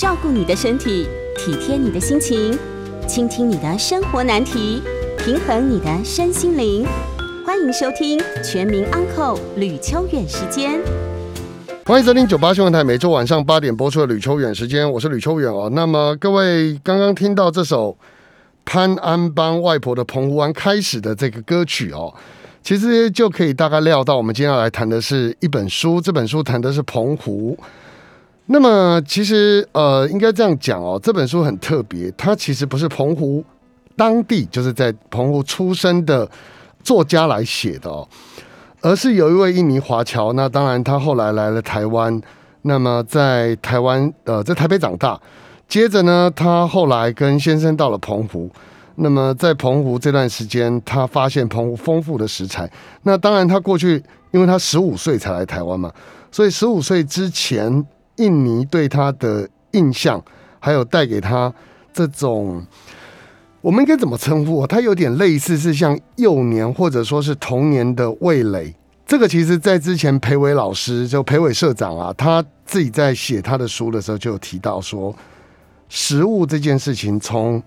照顧你的身體，體貼你的心情，傾聽你的生活難題，平衡你的身心靈。歡迎收聽，全民安好，呂秋遠時間。歡迎收聽《全民安好》呂秋遠時間。歡迎收聽九八新聞台每周晚上八點播出的呂秋遠時間，我是呂秋遠哦。那麼各位剛剛聽到這首潘安邦外婆的《澎湖灣》開始的這個歌曲哦，其實就可以大概料到，我們接下來談的是一本書，這本書談的是澎湖。那麼其實呃，應該這樣講哦，這本書很特別，它其實不是澎湖當地，就是在澎湖出生的作家來寫的哦，而是有一位印尼華僑。那當然，他後來來了台灣，那麼在台灣呃，在台北長大，接着呢，他後來跟先生到了澎湖。那麼在澎湖這段時間，他發現澎湖豐富的食材。那當然，他過去，因為他十五歲才來台灣嘛，所以十五歲之前。印尼對他的印象，還有帶給他這種，我們應該怎麼稱呼？他有點類似是像幼年或者說是童年的味蕾。這個其實，在之前裴偉老師就裴偉社長啊，他自己在寫他的書的時候就有提到說，食物這件事情從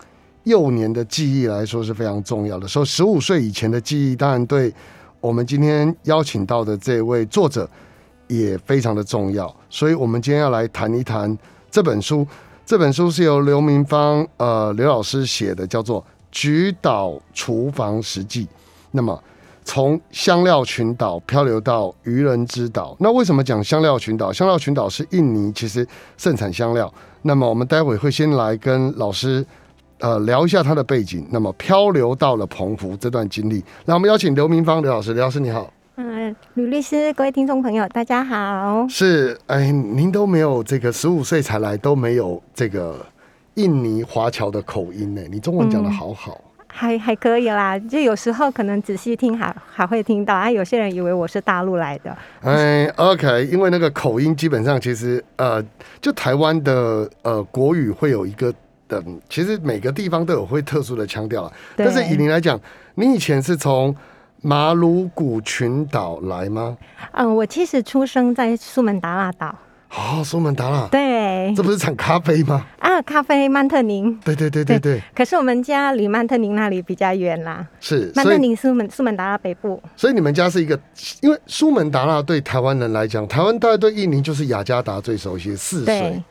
幼年的記憶來說是非常重要的。說十五歲以前的記憶，當然對我們今天邀請到的這位作者。也非常的重要，所以我們今天要來談一談這本書。這本書是由劉明芳，呃，劉老師寫的，叫做《菊島廚房食記》，那麼，從香料群島漂流到漁人之島，那為什麼講香料群島？香料群島是印尼，其實盛產香料。那麼，我們待會會先來跟老師，呃，聊一下他的背景。那麼，漂流到了澎湖這段經歷，那我們邀請劉明芳，劉老師，劉老師你好。嗯、呃，呂律師，各位聽眾朋友，大家好。是，哎，您都沒有這個十五歲才來，都沒有這個印尼華僑的口音呢。你中文講的好好，嗯、還還可以啦。就有時候可能仔細聽還還會聽到啊，有些人以為我是大陸來的。哎，OK，因為那個口音基本上其實呃，就台灣的呃國語會有一個的、嗯，其實每個地方都有會特殊的腔調啊對。但是以您來講，您以前是從。馬魯古群島來嗎？嗯，我其實出生在蘇門答臘島。啊、哦，蘇門答臘對，這不是產咖啡嗎？啊，咖啡曼特寧。對對對對對。可是我們家離曼特寧那裡比較遠啦、啊。是。曼特寧蘇門蘇門答臘北部。所以你們家是一個，因為蘇門答臘對台灣人來講，台灣大概對印尼就是雅加達最熟悉，泗水，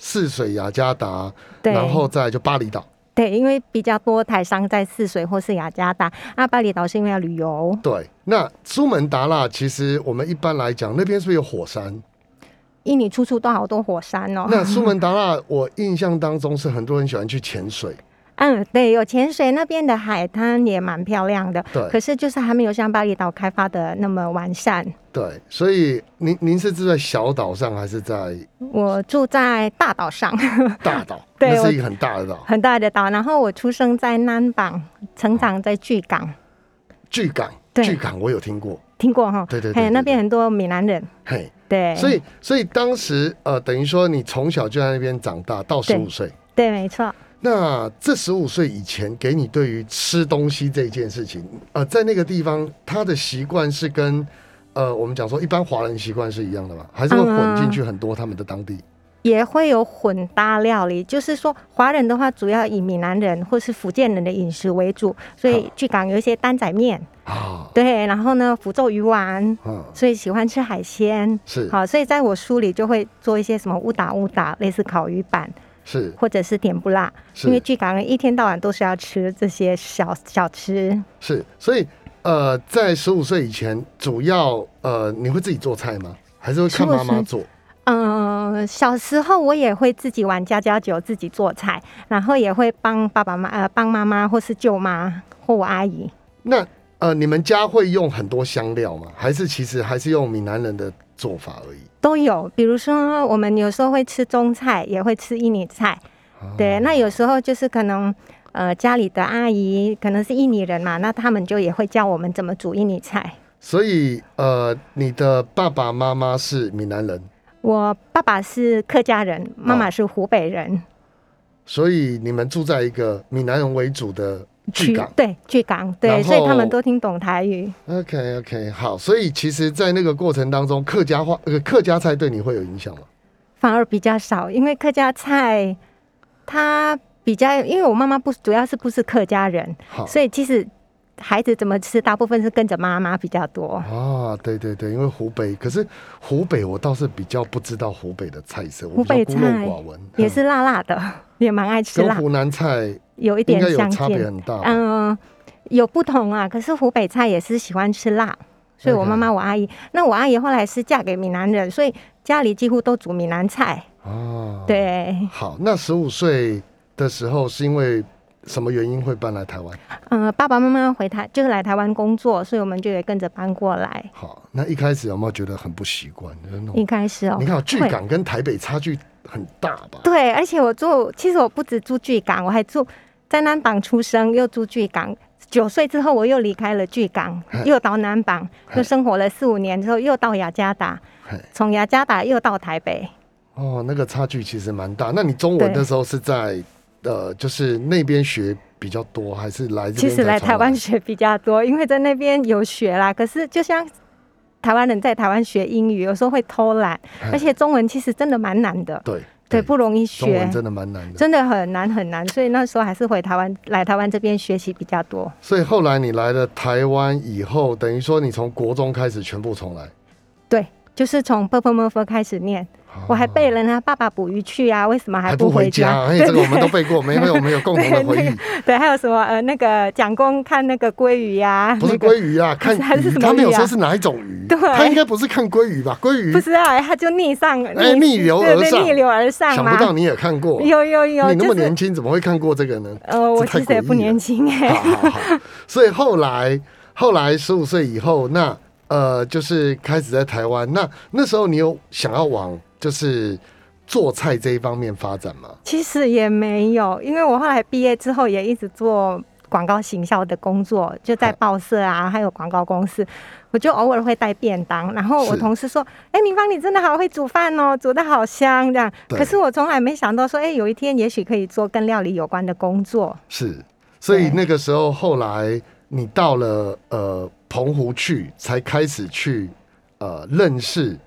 泗水雅加達，然後再就巴厘島。對，因為比較多台商在泗水或是雅加達。啊，巴厘島是因為要旅遊。對，那蘇門答臘其實我們一般來講，那邊是不是有火山？印尼處處都好多火山哦。那蘇門答臘，我印象當中是很多人喜歡去潛水。 嗯，對，有潛水，那邊的海灘也蠻漂亮的。對。可是就是還沒有像巴厘島開發的那麼完善。對，所以您您是住在小島上還是在？我住在大島上。大島， 對，那是一個很大的島。很大的島。然後我出生在南邦，成長在巨港。巨港，巨港，我有聽過。聽過哈。對對對，對。那邊很多閩南人。對。所以，所以當時呃，等於說你從小就在那邊長大，到十五歲。對，沒錯。那這十五歲以前，給你對於吃東西這件事情，呃，在那個地方，他的習慣是跟，呃，我們講說一般華人習慣是一樣的嗎？還是會混進去很多他們的當地？嗯、也會有混搭料理，就是說華人的話，主要以閩南人或是福建人的飲食為主，所以巨港有一些擔仔麵、嗯，對，然後呢，福州魚丸，嗯、所以喜歡吃海鮮是，好，所以在我書裡就會做一些什麼烏打烏打，類似烤魚板。是，或者是甜不辣是，因為據港人一天到晚都是要吃這些小小吃。是，所以呃，在十五歲以前，主要呃，你會自己做菜嗎？還是會看媽媽做？嗯、呃，小時候我也會自己玩家家酒，自己做菜，然後也會幫爸爸媽媽、呃，幫媽媽或是舅媽或我阿姨。那呃，你們家會用很多香料嗎？還是其實還是用閩南人的做法而已？都有，比如說我們有時候會吃中菜，也會吃印尼菜，Oh. 對。那有時候就是可能，呃，家裡的阿姨可能是印尼人嘛，那他們就也會教我們怎麼煮印尼菜。所以，呃，你的爸爸媽媽是閩南人？我爸爸是客家人，媽媽是湖北人。Oh. 所以你們住在一個閩南人為主的。去港對，去港對，所以他們都聽懂台語。OK OK，好，所以其實，在那個過程當中，客家話、呃、客家菜對你會有影響嗎？反而比較少，因為客家菜它比較，因為我媽媽不主要是不是客家人，所以其實孩子怎麼吃，大部分是跟着媽媽比較多。啊、哦，對對對，因為湖北，可是湖北我倒是比較不知道湖北的菜色，湖北菜也是辣辣的，嗯、也蠻愛吃辣的。湖南菜。有一點相見，有差別很大、哦、嗯，有不同啊。可是湖北菜也是喜歡吃辣，okay. 所以我媽媽、我阿姨，那我阿姨後來是嫁給閩南人，所以家裡幾乎都煮閩南菜。哦，對。好，那十五歲的時候是因為什麼原因會搬來台灣？嗯，爸爸媽媽回台就是來台灣工作，所以我們就也跟着搬過來。好，那一開始有沒有覺得很不習慣、就是？一開始哦，你看，巨港跟台北差距很大吧？對，而且我住，其實我不止住巨港，我還住。在南榜出生，又住巨港。九歲之後，我又離開了巨港，又到南榜，又生活了四五年之後，又到雅加達。從雅加達又到台北。哦，那個差距其實蠻大。那你中文那時候是在呃，就是那邊學比較多，還是來這邊？其實來台灣學比較多，因為在那邊有學啦。可是就像台灣人在台灣學英語，有時候會偷懶，而且中文其實真的蠻難的。對。對，對，不容易學。中文真的蠻難的，真的很難很難。所以那時候還是回台灣，來台灣這邊學習比較多。所以後來你來了台灣以後，等於說你從國中開始全部重來。對，就是從 ㄅㄆㄇㄈ 開始念。我還背了呢，爸爸捕魚去啊，為什麼還不回家？對、欸，這個我們都背過，對對對沒有我們有，沒有共同的回憶 對、那個。對，還有什麼呃，那個蔣公看那個鮭魚呀、啊，不是鮭魚啊，那個、看還是什麼、啊？他沒有說是哪一種魚。對，他應該不是看鮭魚吧？鮭魚不知道，他就逆上，哎，逆流而上，欸、逆流而上，對對對逆流而上。想不到你也看過，有有有，你那麼年輕、就是、怎麼會看過這個呢？呃，我其實也不年輕哎、欸。 所以後來後來十五歲以後，那呃就是開始在台灣。那那時候你有想要往。就是做菜這一方面發展嗎？其實也沒有，因為我後來畢業之後也一直做廣告行銷的工作，就在報社啊，啊還有廣告公司，我就偶爾會帶便當。然後我同事說：“哎、欸，明芳，你真的好會煮飯哦、喔，煮得好香這樣。”可是我從來沒想到說：“哎、欸，有一天也許可以做跟料理有關的工作。”是，所以那個時候後來你到了呃澎湖去，才開始去呃認識。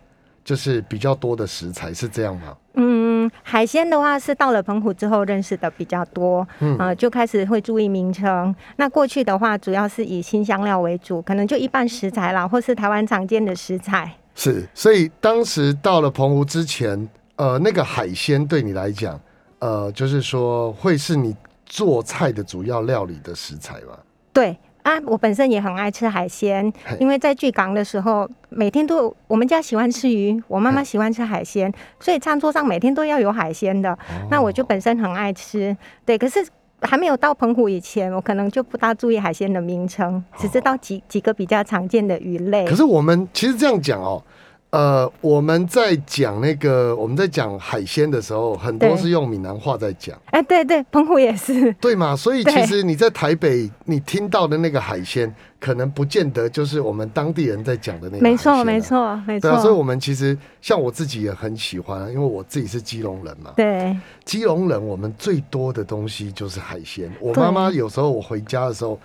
就是比較多的食材是這樣嗎？嗯，海鮮的話是到了澎湖之後認識的比較多，啊、嗯呃，就開始會注意名稱。那過去的話主要是以辛香料為主，可能就一般食材啦，或是台灣常見的食材。是，所以當時到了澎湖之前，呃，那個海鮮對你來講，呃，就是說會是你做菜的主要料理的食材嗎？對。我本身也很愛吃海鮮，因為在巨港的時候，每天都我們家喜歡吃魚，我媽媽喜歡吃海鮮，所以餐桌上每天都要有海鮮的。那我就本身很愛吃，對。可是還沒有到澎湖以前，我可能就不大注意海鮮的名稱，只知道幾幾個比較常見的魚類。可是我們其實這樣講哦。呃，我們在講那個，我們在講海鮮的時候，很多是用閩南話在講。哎，欸、對對，澎湖也是，對嘛？所以其實你在台北，你聽到的那個海鮮，可能不見得就是我們當地人在講的那個、啊。沒錯，沒錯，沒錯。對啊，所以我們其實像我自己也很喜歡，因為我自己是基隆人嘛。對。基隆人，我們最多的東西就是海鮮。我媽媽有時候我回家的時候，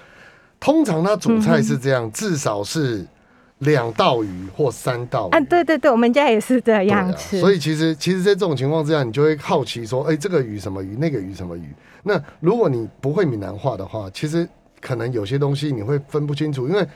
通常她主菜是這樣，嗯、至少是。兩道魚或三道魚啊，對對對，我們家也是這樣吃，啊、所以其實，其實，在這種情況之下，你就會好奇說，哎、欸，這個魚什麼魚，那個魚什麼魚？那如果你不會閩南話的話，其實可能有些東西你會分不清楚，因為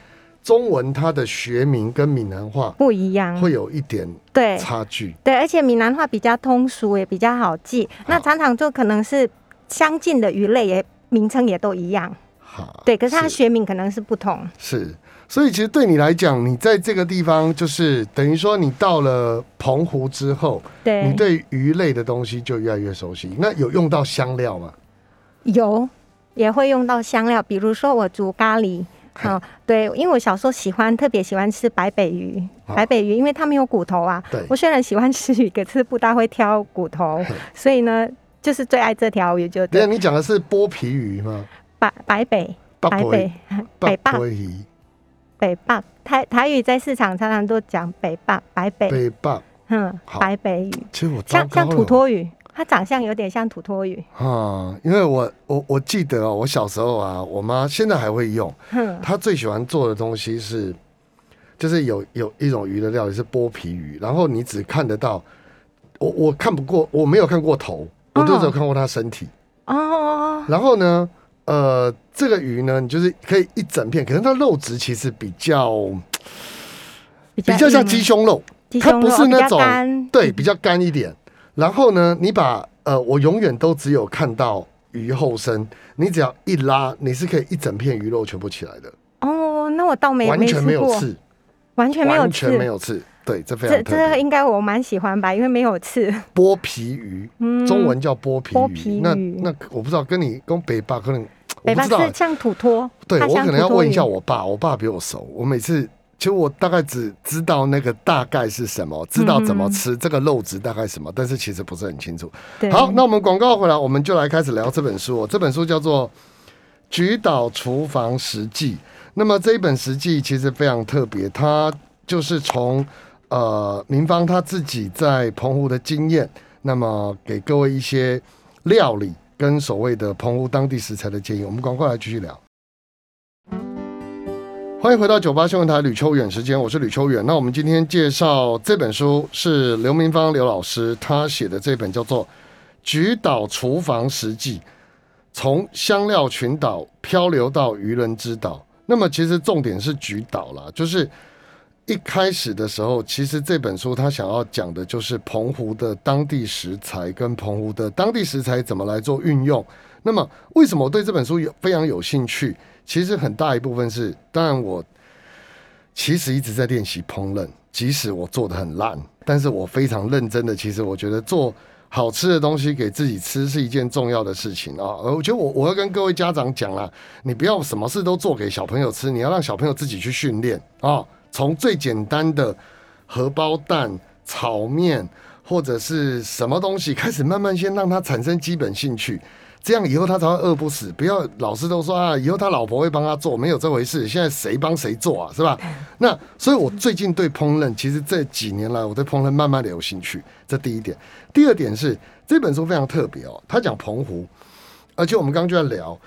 中文它的學名跟閩南話不一樣，會有一點對差距。對，而且閩南話比較通俗，欸，也比較好記。那常常做可能是相近的魚類也，也名稱也都一樣。好、啊，對，可是它的學名可能是不同。是。是所以其實對你來講，你在這個地方就是等於說，你到了澎湖之後，對，你對魚類的東西就越來越熟悉。那有用到香料嗎？有，也會用到香料。比如說我煮咖喱好、哦、對，因為我小時候喜歡，特別喜歡吃白北魚。啊、白北魚因為它沒有骨頭啊，對。我雖然喜歡吃魚，可是不大會挑骨頭，所以呢，就是最愛這條魚就對。對，你講的是剝皮魚嗎？白白北白北白，白，白北魚。北棒，台台語在市場常常都講北棒，白北，哼、嗯，白北魚，其實我像像土魠魚，它長相有點像土魠魚啊、嗯。因為我我我記得啊、喔，我小時候啊，我媽現在還會用。嗯，她最喜歡做的東西是，就是有有一種魚的料理是剝皮魚，然後你只看得到，我我看不過，我沒有看過頭，我就只有看過她身體。哦、嗯，然後呢，呃。這個魚呢，你就是可以一整片，可是它肉質其實比較比較，比較像雞胸肉、嗯、雞胸肉，它不是那種、哦、比較乾、對，比較乾一點、嗯。然後呢，你把呃，我永遠都只有看到魚後身，你只要一拉，你是可以一整片魚肉全部起來的。哦，那我倒完沒，沒完全沒有刺，完全沒有完全沒有刺，對，這非常這應該我蠻喜歡吧，因為沒有刺。剝皮魚，嗯、中文叫剝皮魚，剝皮魚，那那我不知道跟你跟北巴可能。我不知道對，我可能要問一下我爸，我爸比我熟。我每次其實我大概只知道那個大概是什麼，知道怎麼吃這個肉質大概是什麼嗯、嗯，但是其實不是很清楚，對。好，那我們廣告回來，我們就來開始聊這本書、哦。這本書叫做《菊島廚房食記》。那麼這一本食記其實非常特別，它就是從呃明芳他自己在澎湖的經驗，那麼給各位一些料理。跟所謂的澎湖當地食材的建議，我們趕快來繼續聊。歡迎回到九八新聞台，呂秋遠時間，我是呂秋遠。那我們今天介紹這本書是劉明芳劉老師他寫的這本叫做《菊島廚房食記》，從香料群島漂流到漁人之島。那麼其實重點是菊島啦，就是。一開始的時候，其實這本書他想要講的就是澎湖的當地食材跟澎湖的當地食材怎麼來做運用。那麼，為什麼我對這本書有非常有興趣？其實很大一部分是，當然我其實一直在練習烹飪，即使我做得很爛，但是我非常認真的。其實我覺得做好吃的東西給自己吃是一件重要的事情啊。而、哦、我覺得我我要跟各位家長講啦，你不要什麼事都做給小朋友吃，你要讓小朋友自己去訓練啊。哦從最簡單的荷包蛋、炒麵或者是什麼東西開始，慢慢先讓他產生基本興趣，這樣以後他才會餓不死。不要老師都說啊，以後他老婆會幫他做，沒有這回事。現在誰幫誰做啊，是吧？ 那所以，我最近對烹飪，其實這幾年來我對烹飪慢慢的有興趣。這第一點，第二點是這本書非常特別哦，他講澎湖，而且我們剛剛就在聊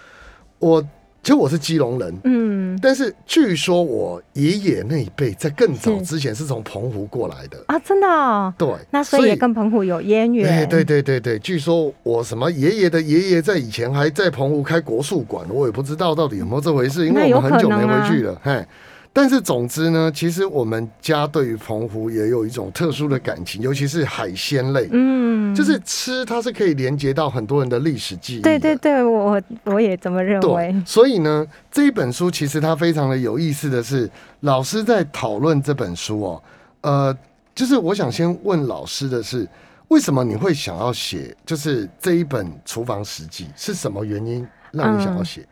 我。其實我是基隆人，嗯，但是據說我爺爺那一輩在更早之前是從澎湖過來的啊，真的、哦，對，那所以也跟澎湖有淵源。對、欸、對對對對，據說我什麼爺爺的爺爺在以前還在澎湖開國術館，我也不知道到底有沒有這回事，因為我們很久沒回去了，啊、嘿。但是總之呢，其實我們家對於澎湖也有一種特殊的感情，尤其是海鮮類，嗯，就是吃它是可以連接到很多人的歷史記憶。對對對，我我也這麼認為。所以呢，這一本書其實它非常的有意思的是，老師在討論這本書哦，呃，就是我想先問老師的是，為什麼你會想要寫，就是這一本廚房食記是什麼原因讓你想要寫？嗯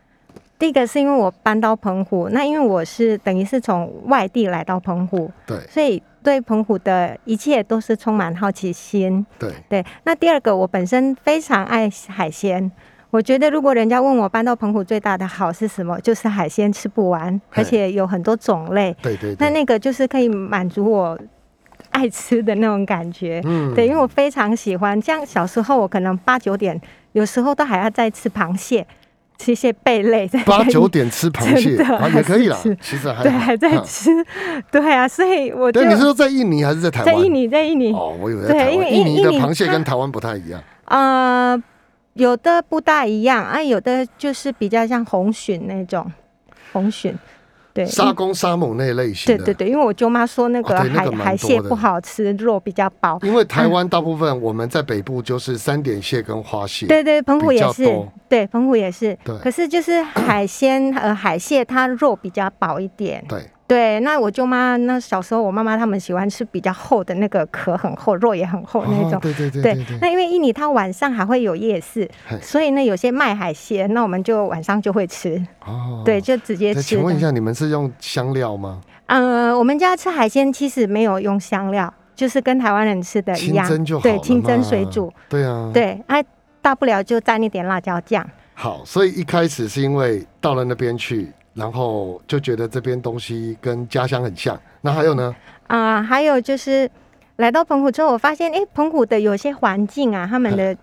第一個是因為我搬到澎湖，那因為我是等於是從外地來到澎湖，對，所以對澎湖的一切都是充滿好奇心，對對。那第二個，我本身非常愛海鮮，我覺得如果人家問我搬到澎湖最大的好是什麼？就是海鮮吃不完，而且有很多種類，對對，對，對。那那個就是可以滿足我愛吃的那種感覺，嗯，對，因為我非常喜歡。像小時候，我可能八九點有時候都還要再吃螃蟹。吃些貝類在，在八九點吃螃蟹的啊，也可以了。其實還還、啊、在吃、嗯，對啊，所以我對、啊、你是說在印尼還是在台灣？在印尼，在印尼。哦，我以為在台灣。印尼的螃蟹跟台灣不太一樣啊、嗯，有的不大一樣啊，有的就是比較像紅蟳那種紅蟳。對，沙公沙母那類型，對對對，因為我舅媽說那個海、啊那個、海蟹不好吃，肉比較薄。因為台灣大部分我們在北部就是三點蟹跟花蟹，嗯，對對，對，澎湖也是，對，澎湖也是。對，可是就是海鮮 呃，海蟹它肉比較薄一點，對。對，那我舅媽那小時候，我媽媽他們喜歡吃比較厚的那個殼很厚，肉也很厚的那種、哦。對對對。對，那因為印尼它晚上還會有夜市，所以呢，有些賣海鮮，那我們就晚上就會吃。哦。對，就直接吃。請問一下，你們是用香料嗎？嗯、呃，我們家吃海鮮其實沒有用香料，就是跟台灣人吃的一樣。清蒸就好。對，清蒸水煮。對啊，對，哎、啊，大不了就蘸一點辣椒醬。好，所以一開始是因為到了那邊去。然後就覺得這邊東西跟家鄉很像，那還有呢？啊，還有就是來到澎湖之後，我發現，哎，澎湖的有些環境啊，他們的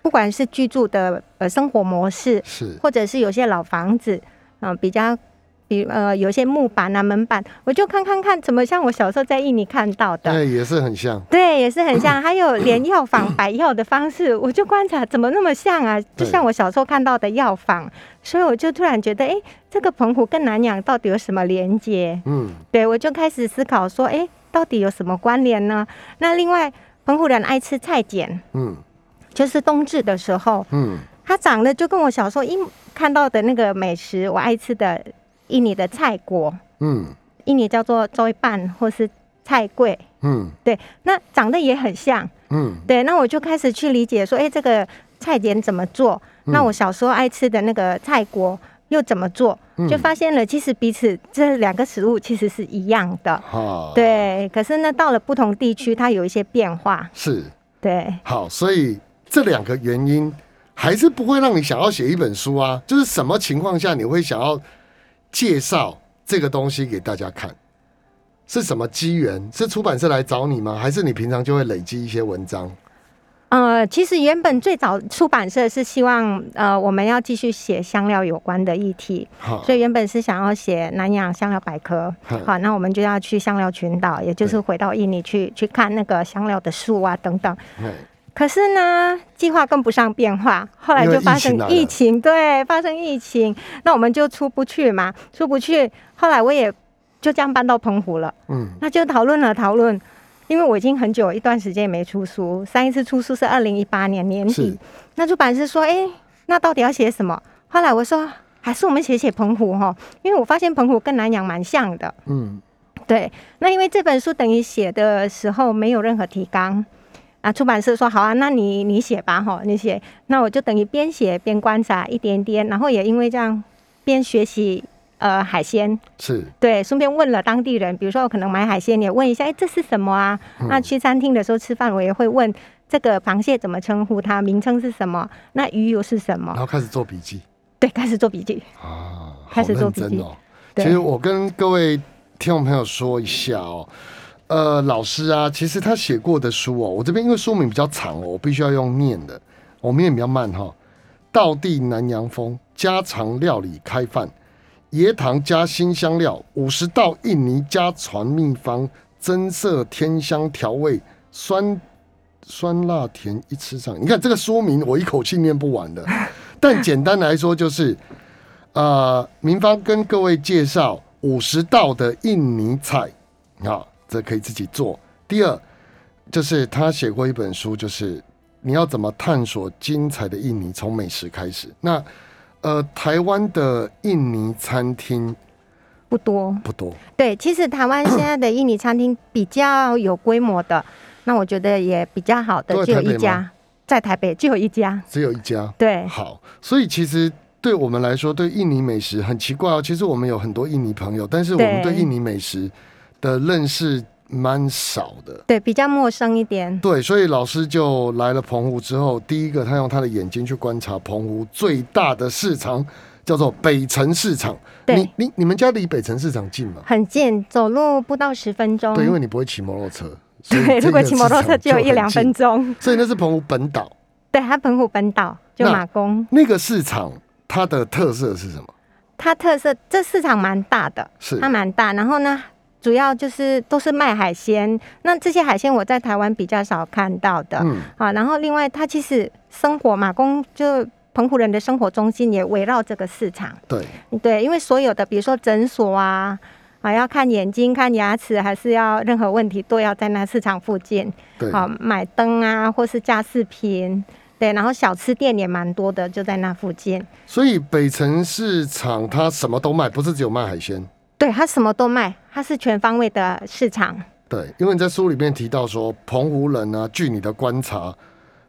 不管是居住的呃生活模式，是或者是有些老房子，嗯，啊，比較。呃，有些木板啊、門板，我就看看看怎麼像我小時候在印尼看到的，對、欸，也是很像，對，也是很像。還有連藥房擺藥的方式， 我就觀察怎麼那麼像啊，就像我小時候看到的藥房，所以我就突然覺得，哎、欸，這個澎湖跟南洋到底有什麼連接？嗯，對，我就開始思考說，哎、欸，到底有什麼關聯呢？那另外，澎湖人愛吃菜繭，嗯，就是冬至的時候，嗯，它長得就跟我小時候一看到的那個美食，我愛吃的。印尼的菜鍋，嗯，印尼叫做粥飯或是菜櫃，嗯，對，那長得也很像，嗯，對，那我就開始去理解說，哎、欸，這個菜點怎麼做，嗯。那我小時候愛吃的那個菜鍋又怎麼做？嗯、就發現了，其實彼此這兩個食物其實是一樣的，啊、哦，對。可是呢，到了不同地區，它有一些變化，是，對。好，所以這兩個原因還是不會讓你想要寫一本書啊。就是什麼情況下你會想要？介紹這個東西給大家看，是什麼機緣？是出版社來找你嗎？還是你平常就會累積一些文章？呃，其實原本最早出版社是希望，呃，我們要繼續寫香料有關的議題，所以原本是想要寫《南洋香料百科》。嗯，好，那我們就要去香料群島，也就是回到印尼去，嗯，去看那個香料的樹啊，等等。嗯可是呢，計劃跟不上變化，後來就發生疫情，疫情，疫情，對，發生疫情，那我們就出不去嘛，出不去。後來我也就這樣搬到澎湖了，嗯，那就討論了討論，因為我已經很久一段時間也沒出書，上一次出書是二零一八年年底，是，那出版社說，哎，那到底要寫什麼？後來我說，還是我們寫寫澎湖吼，因為我發現澎湖跟南洋蠻像的，嗯，對，那因為這本書等於寫的時候沒有任何提綱。啊！出版社說好啊，那你你寫吧，哈，你寫，那我就等於邊寫邊觀察一點點，然後也因為這樣邊學習，呃，海鮮是，對，順便問了當地人，比如說我可能買海鮮，你也問一下，哎、欸，這是什麼啊？嗯、那去餐廳的時候吃飯，我也會問這個螃蟹怎麼稱呼它，名稱是什麼？那魚又是什麼？然後開始做筆記，對，開始做筆記啊、哦，開始做筆記。其實我跟各位聽眾朋友說一下哦。呃，老師啊，其實他寫過的書哦、喔，我這邊因為書名比較長哦、喔，我必須要用念的，我念比較慢哈、喔。道地南洋風家常料理開飯，椰糖加辛香料，五十道印尼家傳祕方，增色添香調味，酸酸辣甜一次上，你看這個書名我一口氣念不完的， 但簡單來說就是，呃，明芳跟各位介紹五十道的印尼菜啊。這可以自己做。第二，就是他寫過一本書，就是你要怎麼探索精彩的印尼，從美食開始。那，呃，台灣的印尼餐廳不多，不多。對，其實台灣現在的印尼餐廳比較有規模的， 那我覺得也比較好的，就一家，在台北就有一家，只有一家。對，好。所以其實對我們來說，對印尼美食很奇怪哦。其實我們有很多印尼朋友，但是我們對印尼美食。的認識蠻少的，對，比較陌生一點。對，所以老師就來了澎湖之後，第一個他用他的眼睛去觀察澎湖最大的市場，叫做北辰市場。你你你們家離北辰市場近嗎？很近，走路不到十分鐘。對，因為你不會騎摩托車。對，如果騎摩托車就有一兩分鐘。所以那是澎湖本島。對，它澎湖本島就馬公那，那個市場，它的特色是什麼？它特色這市場蠻大的，是它蠻大，然後呢？主要就是都是賣海鮮，那這些海鮮我在台灣比較少看到的，嗯、啊，好，然後另外它其實生活嘛，工就澎湖人的生活中心也圍繞這個市場，對，對，因為所有的比如說診所啊，啊要看眼睛、看牙齒，還是要任何問題都要在那市場附近，對、啊，好買燈啊，或是家飾品，對，然後小吃店也蠻多的，就在那附近。所以北辰市場它什麼都賣，不是只有賣海鮮。對他什麼都賣，他是全方位的市場。對，因為你在書裡面提到說，澎湖人呢、啊，據你的觀察，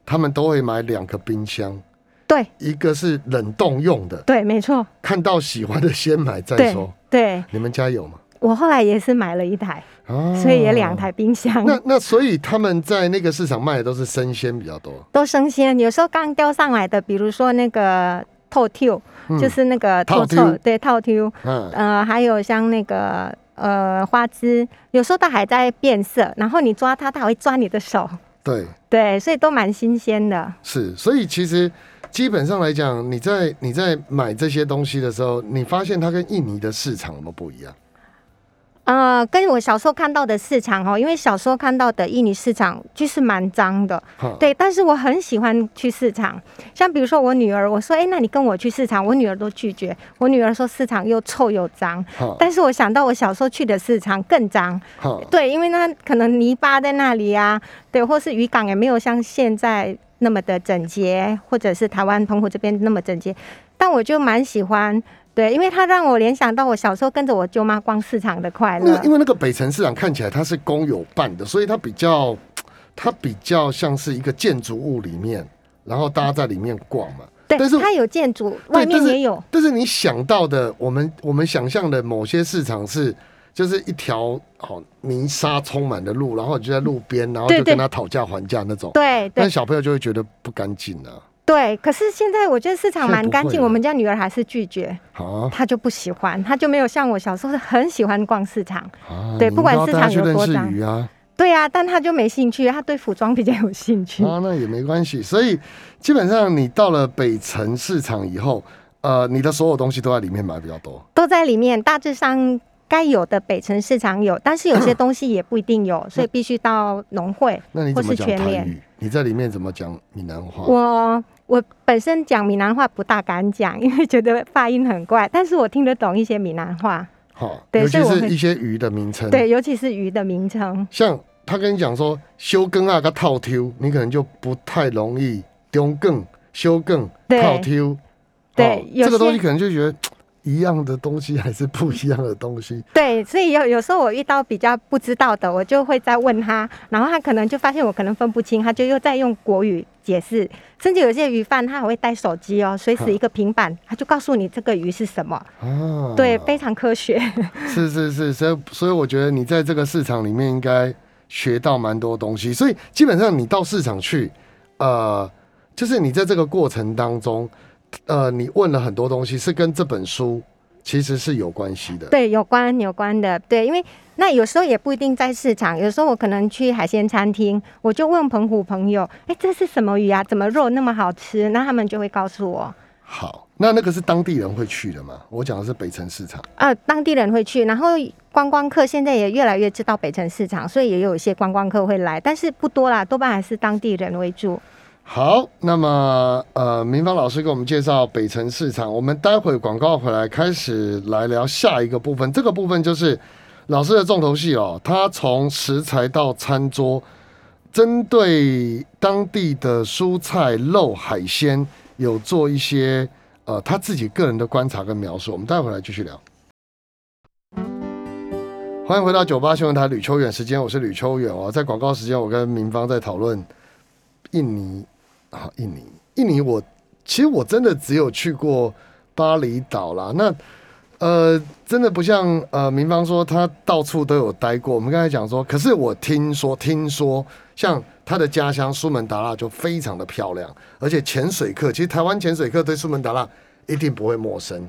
他們都會買兩個冰箱。對，一個是冷凍用的。對，沒錯。看到喜歡的先買再說。對。對你們家有嗎？我後來也是買了一台，所以也兩台冰箱。啊、那那所以他們在那個市場賣的都是生鮮比較多。都生鮮，有時候剛釣上來的，比如說那個。套、嗯、跳就是那個透抽，對透抽，嗯，呃，還有像那個呃花枝，有時候它還在變色，然後你抓它，它會抓你的手，對對，所以都蠻新鮮的。是，所以其實基本上來講，你在你在買這些東西的時候，你發現它跟印尼的市場有沒有不一樣？呃，跟我小時候看到的市場哦，因為小時候看到的印尼市場就是蠻髒的，對。但是我很喜歡去市場，像比如說我女兒，我說：“哎，那你跟我去市場。”我女兒都拒絕。我女兒說市場又臭又髒。但是我想到我小時候去的市場更髒。對，因為那可能泥巴在那裡啊，對，或是漁港也沒有像現在那麼的整潔，或者是台灣澎湖這邊那麼整潔。但我就蠻喜歡。對，因為它讓我聯想到我小時候跟着我舅媽逛市場的快樂。那因為那個北城市場看起來它是公有辦的，所以它比較，它比較像是一個建築物裡面，然後大家在裡面逛嘛。嗯、但是它有建築，外面也有。但是你想到的，我們我們想象的某些市場是，就是一條好、哦、泥沙充滿的路，然後就在路邊，嗯、然後就跟他討價還價那種。對，對，對，對。但小朋友就會覺得不乾淨呢、啊。對，可是現在我覺得市場蠻乾淨。我們家女兒還是拒絕、啊，她就不喜歡，她就沒有像我小時候是很喜歡逛市場。啊、對，不管市場有多大、啊。對啊，但她就沒興趣，她對服裝比較有興趣。啊，那也沒關係。所以基本上你到了北辰市場以後、呃，你的所有東西都在裡面買比較多。都在裡面，大致上該有的北辰市場有，但是有些東西也不一定有，嗯、所以必須到農會那。那你怎麼講台語？或是全聯。你在裡面怎麼講閩南話？我。我本身講閩南話不大敢講，因為覺得發音很怪，但是我聽得懂一些閩南話。好，對，尤其是一些魚的名稱。對，尤其是魚的名稱。像他跟你講說“修更啊”、“個套挑”，你可能就不太容易懂“更，修更套挑”。對，哦，對，這個東西可能就覺得。一樣的東西還是不一樣的東西？ 對，所以有有時候我遇到比較不知道的，我就會再問他，然後他可能就發現我可能分不清，他就又在用國語解釋，甚至有些魚販他還會帶手機哦、喔，隨時一個平板，啊、他就告訴你這個魚是什麼哦、啊，對，非常科學。 是是是所以，所以我覺得你在這個市場裡面應該學到蠻多東西，所以基本上你到市場去，呃，就是你在這個過程當中。呃，你問了很多東西，是跟這本書其實是有關係的。對，有關有關的，對，因為那有時候也不一定在市場，有時候我可能去海鮮餐廳，我就問澎湖朋友，哎、欸，這是什麼魚啊？怎麼肉那麼好吃？那他們就會告訴我。好，那那個是當地人會去的嗎？我講的是北辰市場。啊、呃。當地人會去，然後觀光客現在也越來越知道北辰市場，所以也有一些觀光客會來，但是不多啦，多半還是當地人為主。好，那麼呃，明芳老師給我們介紹北辰市場，我們待會廣告回來開始來聊下一個部分。這個部分就是老師的重頭戲哦，他從食材到餐桌，針對當地的蔬菜、肉、海鮮，有做一些呃他自己個人的觀察跟描述。我們待會來繼續聊。歡迎回到九八新聞台呂秋遠時間，呂秋遠，時間我是呂秋遠哦，在廣告時間，我跟明芳在討論印尼。好、啊，印尼，印尼我，我其實我真的只有去過巴厘島啦。那呃，真的不像呃，明芳說他到處都有待過。我們剛才講說，可是我聽說，聽說像他的家鄉蘇門答臘就非常的漂亮，而且潛水客，其實台灣潛水客對蘇門答臘一定不會陌生，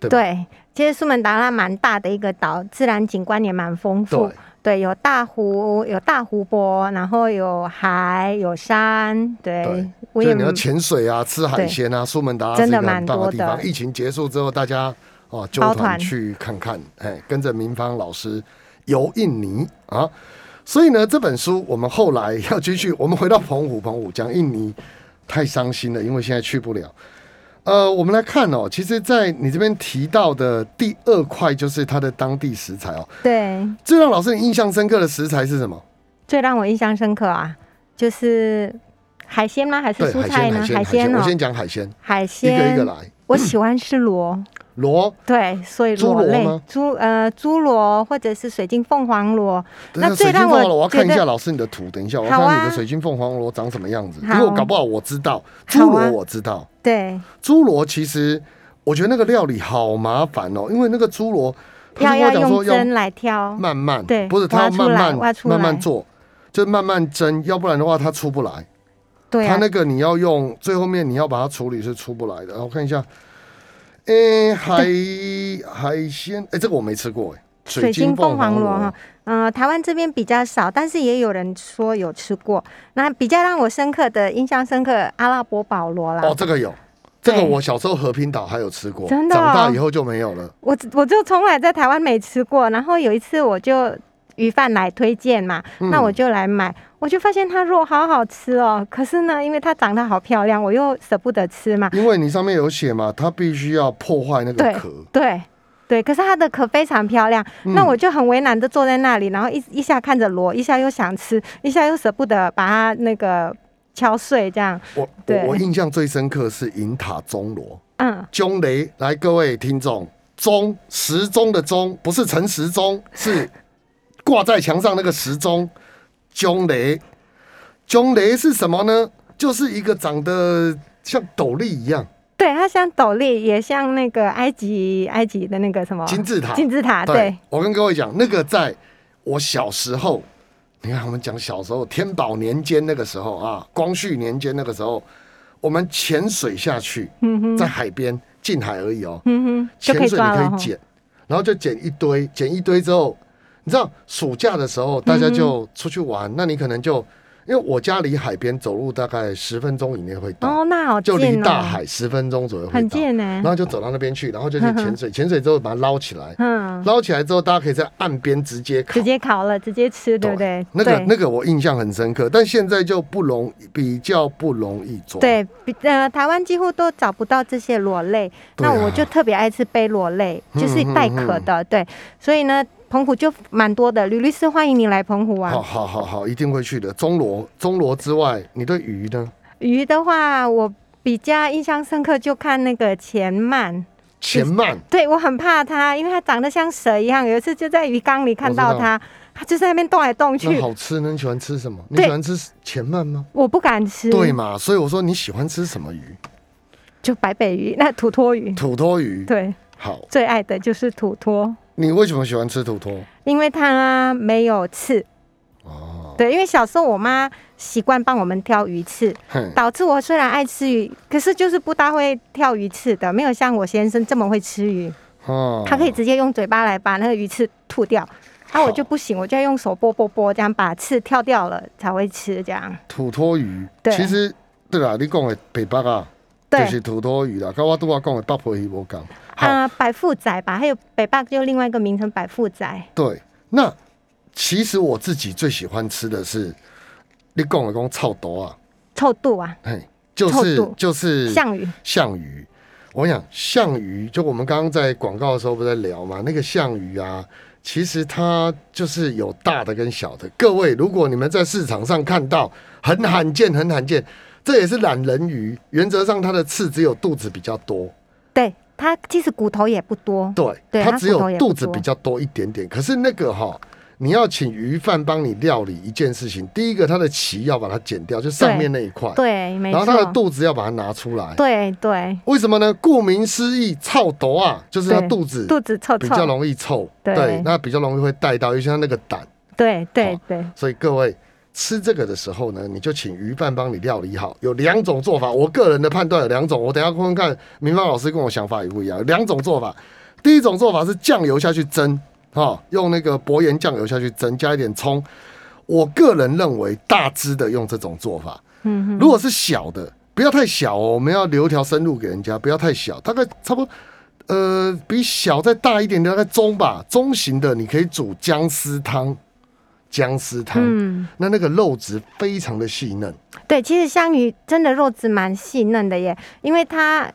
對不對？其實蘇門答臘蠻大的一個島，自然景觀也蠻豐富。對，有大湖，有大湖泊，然後有海，有山，對。所以你要潛水啊，吃海鮮啊，蘇門答臘、啊、這個很大的地方真的蠻多的，疫情結束之後，大家哦，就、啊、團、團去看看，哎，跟着明芳老師遊印尼啊。所以呢，這本書我們後來要繼續，我們回到澎湖，澎湖講印尼太傷心了，因為現在去不了。呃，我們來看哦，其實，在你這邊提到的第二塊就是它的當地食材哦。對。最讓老師你印象深刻的食材是什麼？最讓我印象深刻啊，就是海鮮嗎？還是蔬菜呢？海鮮呢？我先講海鮮。海鮮一個一個來。我喜歡吃螺。嗯螺，對，所以珠螺嗎？呃，珠螺或者是水晶鳳凰螺。水晶鳳凰螺，我，我要看一下老師你的圖。等一下，我要看你的水晶鳳凰螺長什麼樣子。如果、啊、搞不好，我知道珠螺我知道。啊我知道啊、對，珠螺其實我覺得那個料理好麻煩哦、喔，因為那個珠螺，要要，要用針來挑，慢慢對，不是它要慢慢慢慢做，就慢慢蒸，要不然的話它出不來。對、啊，它那個你要用最後面你要把它處理是出不來的。我看一下。欸、海海鮮，誒、欸，這個我沒吃過、欸。水晶鳳凰螺哈，嗯、哦呃，台灣這邊比較少，但是也有人說有吃過。那比較讓我深刻的、印象深刻，阿拉伯寶螺啦。哦，這個有，這個我小時候和平島還有吃過，真的、哦，長大以後就沒有了。我我就從來在台灣沒吃過，然後有一次我就。魚販來推薦嘛，那我就來買、嗯。我就發現它肉好好吃哦，可是呢，因為它長得好漂亮，我又捨不得吃嘛。因為你上面有寫嘛，它必須要破壞那個殼。對對，對可是它的殼非常漂亮、嗯，那我就很為難的坐在那裡，然後一一下看着螺，一下又想吃，一下又捨不得把它那個敲碎這樣。對，我我印象最深刻是銀塔鐘螺，嗯，鐘螺來，各位聽眾，鐘時鐘的鐘不是陳時中，是。掛在牆上那個時鐘，鐘雷，鐘雷是什麼呢？就是一個長得像斗笠一樣，對，它像斗笠，也像那個埃及埃及的那個什麼金字塔，金字塔。對，對我跟各位講，那個在我小時候，嗯、你看我們講小時候，天寶年間那個時候啊，光緒年間那個時候，我們潛水下去，嗯、在海邊近海而已哦，潛、嗯、水你可以撿、哦，然後就撿一堆，撿一堆之後。你知道暑假的時候，大家就出去玩，嗯、那你可能就因為我家離海邊走路大概十分鐘以內會到哦，那好近、哦、就離大海十分鐘左右會到，很近呢、欸，然後就走到那邊去，然後就去潛水，潛、嗯、水之後把它撈起來，嗯，撈起來之後大家可以在岸邊直接烤，直接烤了，直接吃，對不對？對、那個那個我印象很深刻，但現在就不容比較不容易做，對，比呃台灣幾乎都找不到這些螺類、啊，那我就特別愛吃貝螺類、啊，就是帶殼的、嗯哼哼，對，所以呢。澎湖就蠻多的，呂律師，歡迎你來澎湖玩、啊。好，好，好，好，一定會去的。中羅，中羅之外，你對魚呢？魚的話，我比較印象深刻，就看那個錢鰻。錢鰻？就是。對，我很怕它，因為它長得像蛇一樣。有一次就在魚缸裡看到它，它就在那邊動來動去。那好吃呢？你喜歡吃什麼？你喜歡吃錢鰻嗎？我不敢吃。對嘛，所以我說你喜歡吃什麼魚？就白北魚，那土魠魚。土魠魚，對，好，最愛的就是土魠。你為什麼喜歡吃土魠？因為它、啊、沒有刺。哦，對，因為小時候我媽習慣幫我們挑魚刺，導致我雖然愛吃魚，可是就是不大會挑魚刺的，沒有像我先生這麼會吃魚。哦，他可以直接用嘴巴來把那個魚刺吐掉，然、哦、後、啊、我就不行，我就要用手剝剝剝，這樣把刺挑掉了才會吃。這樣土魠魚，對，其實對啦，你講的白北啊，對就是土魠魚啦，跟我都我講的白北魚無關。啊、嗯，百富仔吧，還有北霸，就另外一個名稱，百富仔。對，那其實我自己最喜歡吃的是你講的公臭肚啊，臭肚啊，對就是就是象魚，象魚。我跟你講象魚，就我們剛剛在廣告的時候不在聊嘛？那個象魚啊，其實他就是有大的跟小的。各位，如果你們在市場上看到很罕見、很罕見，這也是懶人魚。原則上，它的刺只有肚子比較多。對。它其實骨頭也不多，對，對它只有肚子，它肚子比較多一點點。可是那個哈，你要請魚販幫你料理一件事情，第一個它的鰭要把它剪掉，就上面那一塊，對，對沒錯，然後它的肚子要把它拿出來，對對。為什麼呢？顧名思義，臭肚啊，就是它肚子肚子臭，臭，比較容易臭，對，對那它比較容易會帶到尤其它那個膽，對對對，所以各位。吃這個的時候呢，你就請魚販幫你料理好。有兩種做法，我個人的判斷有兩種。我等一下看看，明芳老師跟我想法也不一樣。兩種做法，第一種做法是醬油下去蒸，哈，用那個薄鹽醬油下去蒸，加一點蔥。我個人認為大隻的用這種做法。嗯哼。如果是小的，不要太小哦，我們要留條生路給人家，不要太小，大概差不多，呃，比小再大一點點，再中吧，中型的你可以煮薑絲湯。薑屍湯，嗯，那那個肉質非常的細嫩。對，其實香魚真的肉質蠻細嫩的耶，因為它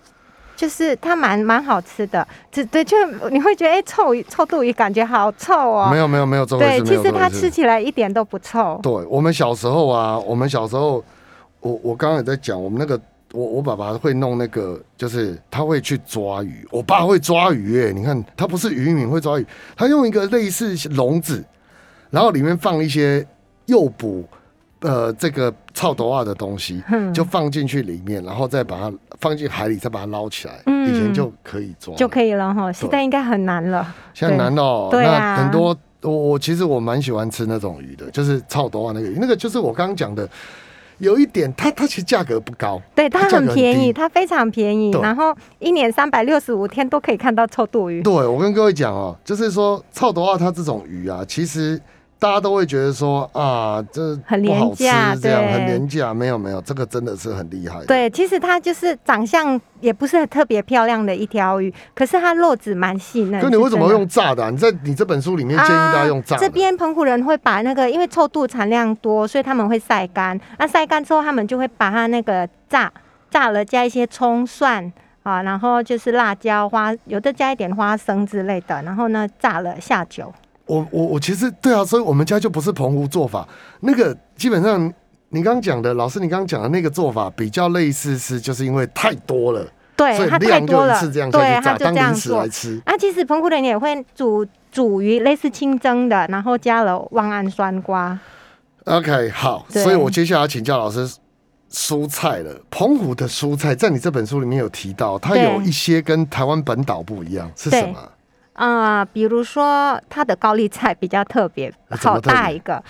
就是它蠻蠻好吃的，只對，就你會覺得哎，欸，臭臭肚魚感覺好臭哦。沒有沒有沒有臭，對，其實它吃起來一點都不臭。對我們小時候啊，我們小時候，我我剛剛也在講，我們那個我我爸爸會弄那個，就是他會去抓魚，我爸會抓魚，哎，你看他不是漁民會抓魚，他用一個類似籠子。然後裡面放一些誘捕，呃，這個臭肚仔的東西、嗯，就放進去裡面，然後再把它放進海裡，再把它撈起來，嗯、以前就可以做就可以了哈。現在應該很難了。現在難哦，那很多、啊、我我其實我蠻喜歡吃那種魚的，就是臭肚仔那個魚那個就是我剛剛講的，有一點它它其實價格不高，對它很，它很便宜，它非常便宜，然後一年三百六十五天都可以看到臭肚魚。對，我跟各位講哦、喔，就是說臭肚仔它這種魚啊，其實。大家都會覺得說啊，這,這很廉價，這樣很廉價，沒有沒有，這個真的是很厲害的。對，其實它就是長相也不是特別漂亮的一條魚，可是它肉質蠻細嫩。跟，你為什麼用炸的啊的？你在你這本書裡面建議大家用炸的啊。這邊澎湖人會把那個，因為臭肚產量多，所以他們會曬乾。那曬乾之後，他們就會把它那個炸，炸了加一些蔥蒜啊，然後就是辣椒花，有的加一點花生之類的，然後呢炸了下酒。我我我其實對啊，所以我們家就不是澎湖做法。那個基本上你剛講，你剛剛講的老師，你剛剛講的那個做法比較類似，是就是因為太多了，對，所以量它太多了就吃這樣，以就樣當零食來吃。啊，其實澎湖人也會煮煮魚，類似清蒸的，然後加了望安酸瓜。OK，好，所以我接下來請教老師蔬菜了。澎湖的蔬菜在你這本書裡面有提到，它有一些跟台灣本島不一樣，是什麼？啊、呃，比如說它的高麗菜比較特別，好大一個，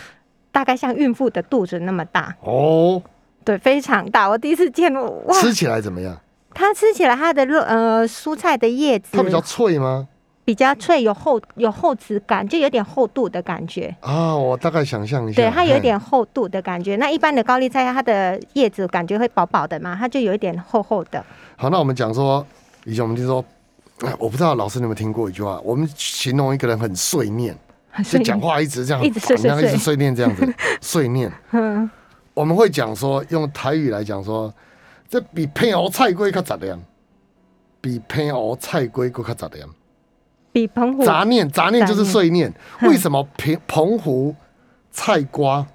大概像孕婦的肚子那麼大哦。對，非常大，我第一次見。哇，吃起來怎麼樣？它吃起來，它的肉呃，蔬菜的葉子，它比較脆嗎？比較脆，有厚有厚質感，就有點厚度的感覺啊、哦。我大概想象一下，對，它有點厚度的感覺。那一般的高麗菜，它的葉子感覺會薄薄的嘛，它就有一點厚厚的。好，那我們講說，以前我們聽說。我不知道老師你有沒有聽過一句話？我們形容一個人很碎念，就講話一直這樣，一直，睡睡睡、那個、一直碎念這樣子。 碎唸唸， 我們會講說，用台語來講說，這比澎湖菜龜更雜念，比澎湖菜龜更更雜念，比澎湖雜念雜念就是碎念、嗯。為什麼澎澎湖菜瓜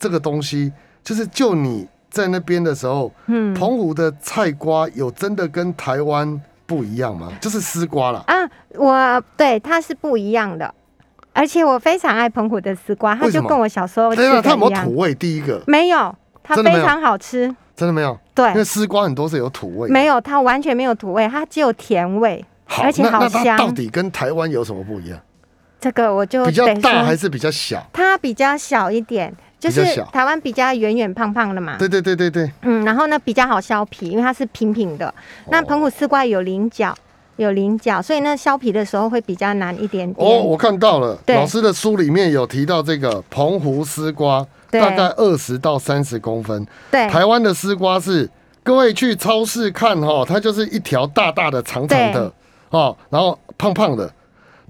這個東西，就是就你在那邊的時候，嗯，澎湖的菜瓜有真的跟台灣？不一樣嗎？就是絲瓜了啊！我對它是不一樣的，而且我非常愛澎湖的絲瓜，它就跟我小時候對、哎、它有沒有土味？第一個沒有，它有非常好吃，真的沒有。對，因為絲瓜很多是有土味，沒有，它完全沒有土味，它只有甜味，而且好香。那那到底跟台灣有什麼不一樣？這個我就比較大還是比較小？它比較小一點。就是台灣比較圓圓胖胖的嘛，對對對對對，嗯，然後呢比較好削皮，因為它是平平的。那澎湖絲瓜有稜角，有稜角，所以呢削皮的時候會比較難一點點。哦，我看到了，對，老師的書裡面有提到這個澎湖絲瓜，大概二十到三十公分。對，台灣的絲瓜是各位去超市看哈，它就是一條大大的長長的，哦，然後胖胖的，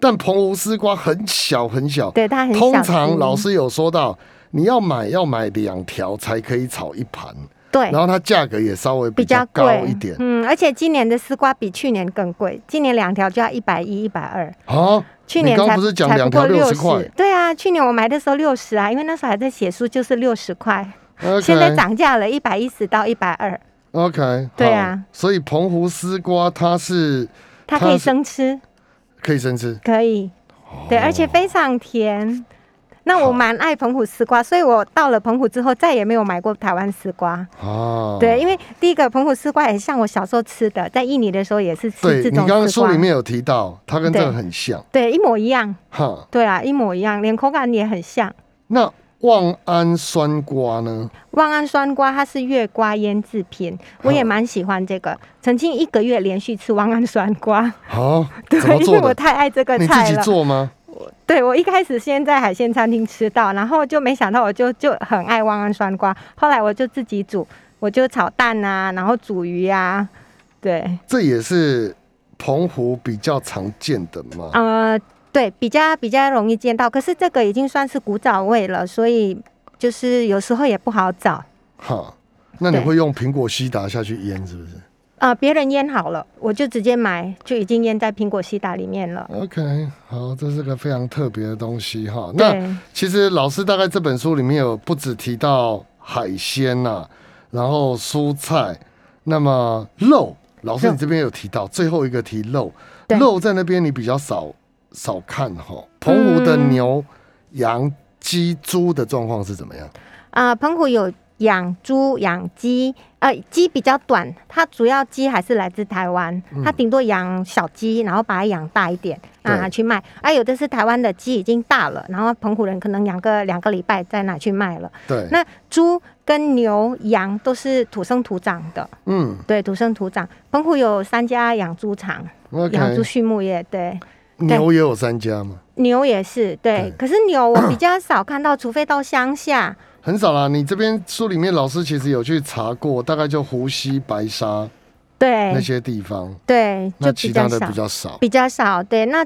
但澎湖絲瓜很小很小，對，它很小，通常老師有說到。你要買要買兩條才可以炒一盤，對，然後它價格也稍微比較高一點貴，嗯，而且今年的絲瓜比去年更貴，今年兩條就要一百一一百二，啊，去年才剛不是講兩條60，才不過六十塊，對啊，去年我買的時候六十啊，因為那時候還在寫書，就是六十塊，okay，現在漲價了一百一十到一百二，OK，對啊，所以澎湖絲瓜它是它可以生吃，可以生吃，可以，對，哦、而且非常甜。那我蠻愛澎湖絲瓜，所以我到了澎湖之後，再也沒有買過台灣絲瓜。哦，對，因為第一個澎湖絲瓜也像我小時候吃的，在印尼的時候也是吃這種。對，你剛剛書裡面有提到，它跟這個很像對。對，一模一樣。哈，對啊，一模一樣，連口感也很像。那望安酸瓜呢？望安酸瓜它是月瓜醃製品，我也蠻喜歡這個、哦。曾經一個月連續吃望安酸瓜。啊、哦，對，因為我太愛這個菜了。你自己做嗎？對，我一開始先在海鮮餐廳吃到，然後就沒想到，我就就很愛旺安酸瓜。後來我就自己煮，我就炒蛋啊，然後煮魚啊。對，這也是澎湖比較常見的嗎？呃，對，比較比較容易見到。可是這個已經算是古早味了，所以就是有時候也不好找。哈，那你會用蘋果西打下去醃，是不是？啊、呃，別人醃好了，我就直接買，就已經醃在蘋果西打裡面了。OK，好，這是個非常特別的東西哈。那其實老師大概這本書裡面有不只提到海鮮吶、啊，然後蔬菜，那麼肉，老師你這邊有提到最後一個提肉，肉、肉在那邊你比較少少看哈。澎湖的牛、羊、雞、豬的狀況是怎麼樣？啊、嗯呃，澎湖有。養豬養雞，呃，雞比較短，它主要雞還是來自台灣，嗯，它頂多養小雞，然後把它養大一點啊，拿去賣。啊，有的是台灣的雞已經大了，然後澎湖人可能養個兩個禮拜再拿去賣了。對，那豬跟牛羊都是土生土長的。嗯，對，土生土長，澎湖有三家養豬場，okay，養豬畜牧業，對，牛也有三家嗎？牛也是，對，對可是牛我比較少看到， 除非到鄉下。很少啦，你這邊書裡面老師其實有去查過，大概就湖西白沙，對那些地方，對，那，方對，那其他的比較少，比較少。對，那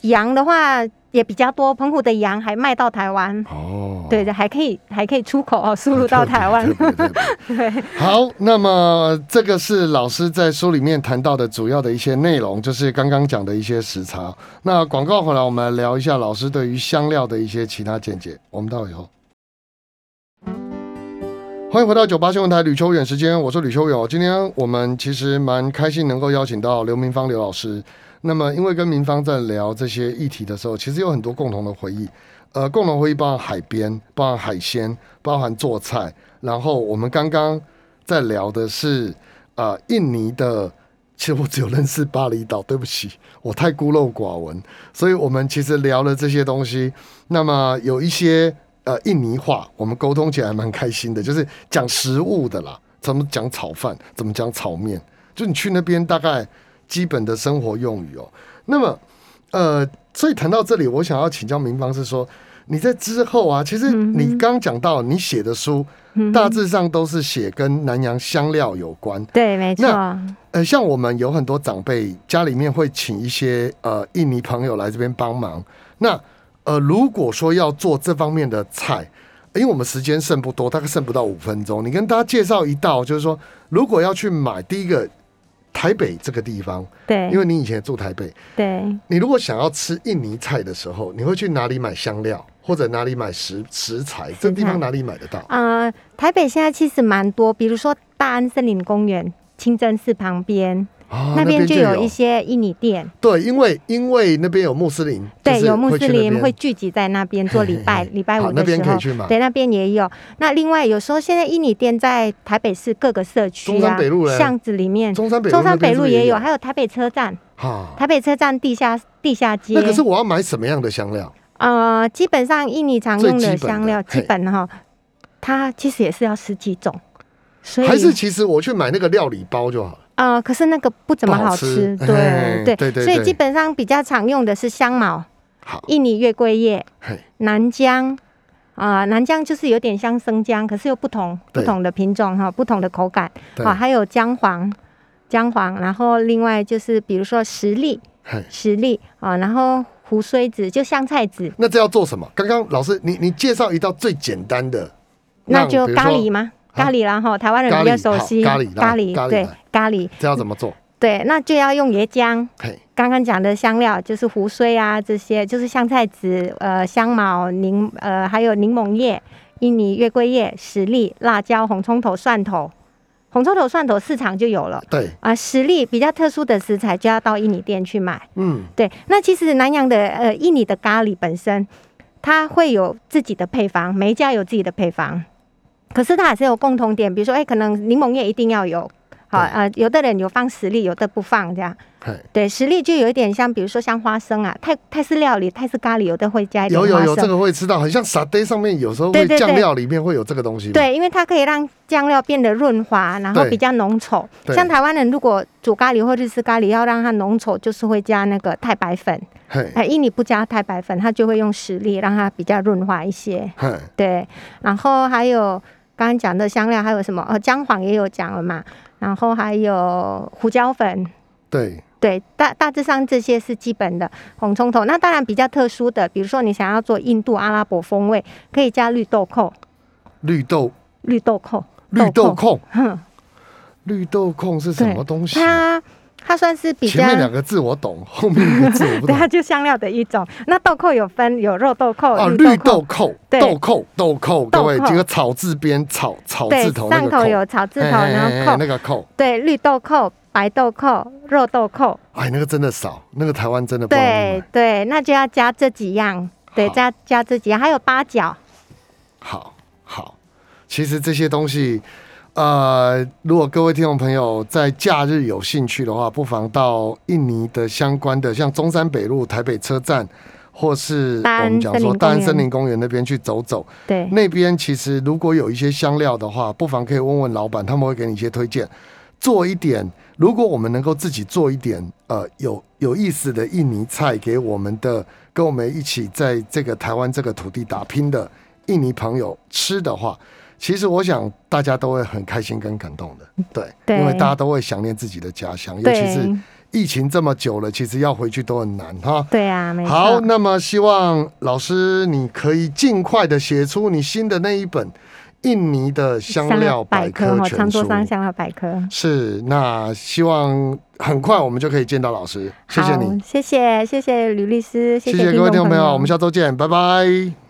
羊的話也比較多，澎湖的羊還賣到台灣哦，對的，還可以還可以出口哦，輸入到台灣。啊、對，對，對，對， 對。好，那麼這個是老師在書裡面談到的主要的一些內容，就是剛剛講的一些食材。那廣告回來，我們來聊一下老師對於香料的一些其他見解。我們到以後。歡迎回到九八新聞台，呂秋遠時間，我是呂秋遠。今天我們其實蠻開心能夠邀請到劉明芳劉老師。那麼因為跟明芳在聊這些議題的時候，其實有很多共同的回憶，呃，共同回憶包含海邊，包含海鮮，包含做菜。然後我們剛剛在聊的是啊、呃，印尼的，其實我只有認識巴厘島，對不起，我太孤陋寡聞。所以我們其實聊了這些東西，那麼有一些。呃、印尼話我們溝通起來還蠻開心的，就是講食物的啦，怎麼講炒飯，怎麼講炒麵，就你去那邊大概基本的生活用語哦、喔。那麼，呃，所以談到這裡，我想要請教明芳是說，你在之後啊，其實你剛講到你寫的書、嗯，大致上都是寫跟南洋香料有關，對、嗯，沒錯、呃。像我們有很多長輩家裡面會請一些呃印尼朋友來這邊幫忙，那。呃，如果說要做這方面的菜，因為我們時間剩不多，大概剩不到五分鐘，你跟大家介紹一道，就是說，如果要去買，第一個台北這個地方，對，因為你以前住台北，對，你如果想要吃印尼菜的時候，你會去哪裡買香料，或者哪裡買食食材，食材，這個地方哪裡買得到？啊、呃，台北現在其實蠻多，比如說大安森林公園，清真寺旁邊。哦、那邊就有一些印尼店，對，因為因為那邊有穆斯林，就是，對，有穆斯林會聚集在那邊做禮拜，禮拜五的時候，對，那邊也有。那另外有時候現在印尼店在台北市各個社區啊、巷子裡面，中山北路邊邊也有，還有台北車站，台北車站地下地下街。那可是我要買什麼樣的香料？呃，基本上印尼常用的香料，基本哈、哦，它其實也是要十幾種，所以還是其實我去買那個料理包就好。啊、呃，可是那個不怎麼好吃，好吃對，嘿嘿對，對，對對，所以基本上比較常用的是香茅、好，印尼月桂葉、南薑啊、呃，南薑就是有點像生薑，可是又不同不同的品種哈，不同的口感啊，還有薑黃、薑黃，然後另外就是比如說石栗、石栗啊，然後胡荽子就香菜籽，那這要做什麼？剛剛老師你你介紹一道最簡單的那，那就咖喱嗎？咖喱，然後台灣人比較熟悉咖喱，咖喱，咖喱，咖喱，咖喱對咖喱。這要怎麼做？對，那就要用椰漿。剛剛講的香料就是胡荽啊，這些就是香菜籽、呃香茅、檸呃還有檸檬葉、印尼月桂葉、十粒辣椒、紅蔥頭、蒜頭。紅蔥頭，頭，頭、蒜頭市場就有了。對啊、呃，十粒比較特殊的食材就要到印尼店去買。嗯，對。那其實南洋的呃印尼的咖喱本身，它會有自己的配方，每一家有自己的配方。可是它還是有共同點，比如說，哎，可能檸檬葉一定要有，好，呃，有的人有放十粒，有的不放，這樣，對，十粒就有一點像，比如說像花生啊，泰泰式料理、泰式咖喱，有的會加一點，有有有，這個會知道，很像沙爹上面有時候會，對對對，醬料裡面會有這個東西，對，因為它可以讓醬料變得潤滑，然後比較濃稠。像台灣人如果煮咖喱或日式咖喱，要讓它濃稠，就是會加那個太白粉，印尼不加太白粉，它就會用十粒讓它比較潤滑一些，對，然後還有。剛剛講的香料還有什麼？哦，薑黃也有講了嘛，然後還有胡椒粉。對對，大大致上這些是基本的紅蔥頭。那當然比較特殊的，比如說你想要做印度阿拉伯風味，可以加綠豆蔻。綠豆？綠豆蔻？綠豆蔻。哼，綠豆控是什麼東西？它算是比較前面兩個字我懂，後面兩個字我不懂。對，它 就香料的一種。那豆蔻有分有肉豆蔻啊，綠豆蔻、豆蔻、對豆蔻，各位這個草字邊草草字頭上頭有草字頭，欸、然後扣、欸欸、那個扣對綠豆蔻、白豆蔻、肉豆蔻。哎，那個真的少，那個台灣真的不對對，那就要加這幾樣，對加加這幾樣，還有八角。好，好，其實這些東西。呃，如果各位聽眾朋友在假日有興趣的話，不妨到印尼的相關的，像中山北路、台北車站，或是我們講說大安森林公園那邊去走走。對，那邊其實如果有一些香料的話，不妨可以問問老板，他們會給你一些推薦，做一點。如果我們能夠自己做一點，呃，有有意思的印尼菜給我們的，跟我們一起在這個台灣這個土地打拼的印尼朋友吃的話。其實我想，大家都會很開心跟感動的對，對，因為大家都會想念自己的家鄉，尤其是疫情這麼久了，其實要回去都很難哈。對啊，沒錯，好，那麼希望老師你可以盡快的寫出你新的那一本印尼的香料百科全書，香料百科，哦，香料百科。是。那希望很快我們就可以見到老師，謝謝你，謝謝，謝謝呂律師，謝謝聽眾朋友，謝謝各位聽眾朋友，我們下周見，拜拜。